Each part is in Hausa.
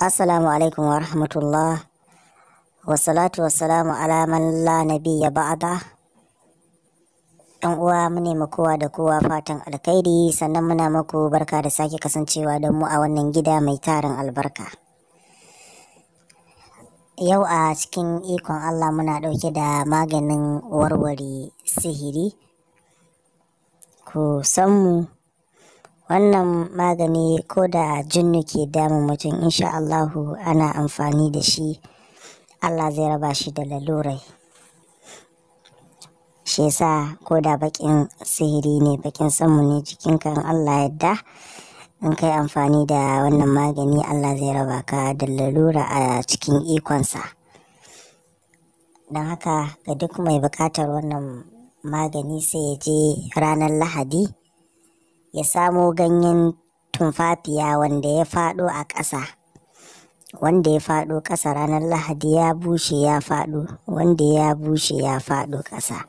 assalamu alaikum wa rahmatullah wasalatu wasalamu ala man la nabiyya ba'da Ɗan uwa mu kowa da kowa fatan alkhairi sannan muna muku barka da sake kasancewa don mu a wannan gida mai tarin albarka yau a cikin ikon allah muna ɗauke da maganin warware sihiri ku san mu wannan magani ko da jinnu ke damun mutum insha Allahu ana amfani da shi Allah zai raba shi da lalurai shi yasa ko da bakin sihiri ne bakin samu ne jikinka kan Allah yadda in kai amfani da wannan magani Allah zai raba ka da lalura a cikin ikonsa don haka ga duk mai bukatar wannan magani sai ya je ranar lahadi ya samo ganyen tumfafiya wanda ya faɗo a ƙasa wanda ya faɗo ƙasa ranar lahadi ya bushe ya faɗo wanda ya bushe ya faɗo ƙasa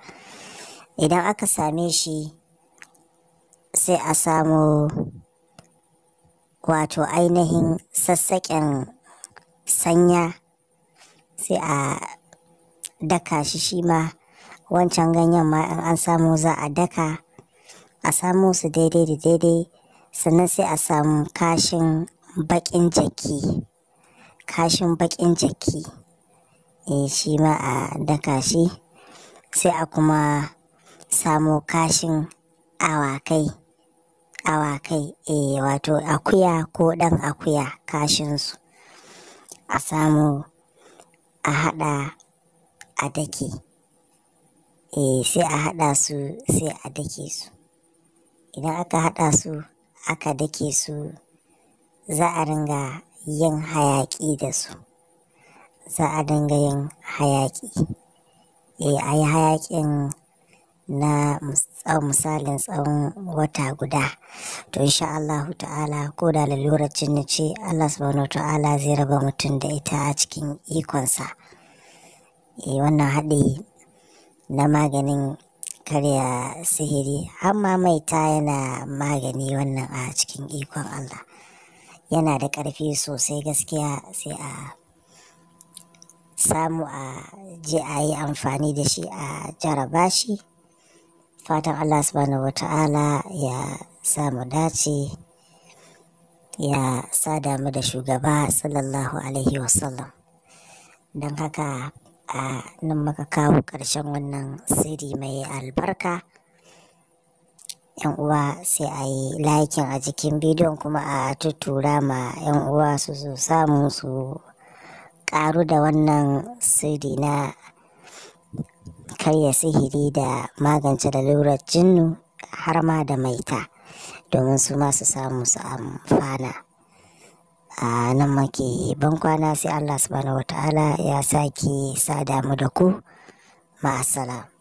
idan aka same shi sai a samo wato ainihin sassaƙen sanya sai a daka shi shi ma wancan ganyen ma in an samu za a daka a samu su daidai da daidai sannan sai a samu kashin bakin jaki kashin bakin jaki e, shi ma a daka shi sai a kuma samu kashin awakai awakai e, wato akuya ko dan akuya kashinsu a samu a hada a dake e, sai a hada su sai a dake su idan aka haɗa su aka dake su za a ringa yin hayaƙi da su za a dinga yin hayaƙi eh, a yi hayaƙin na misalin tsawon wata guda to insha Allah ta'ala ko da lalurancin na ce Allah subhanahu ta'ala zai raba mutum da ita a cikin ikonsa eh, wannan haɗi na maganin karya sihiri har ma ta yana magani wannan a cikin ikon Allah yana da ƙarfi sosai gaskiya sai a samu a je a yi amfani da shi a jaraba shi fatan Allah subhanahu wata'ala ya samu dace ya sa damu da shugaba sallallahu alaihi wasallam don haka a nan muka kawo ƙarshen wannan siri mai albarka yan uwa sai a yi laikin a jikin bidiyon kuma a tuttura ma yan uwa su su samu su ƙaru da wannan siri na karya sihiri da magance lalurar jinnu har ma da maita domin su ma su samu su amfana. a nan muke ban kwana sai Allah subhanahu wata'ala ya sake sada mu da ku ma'asala.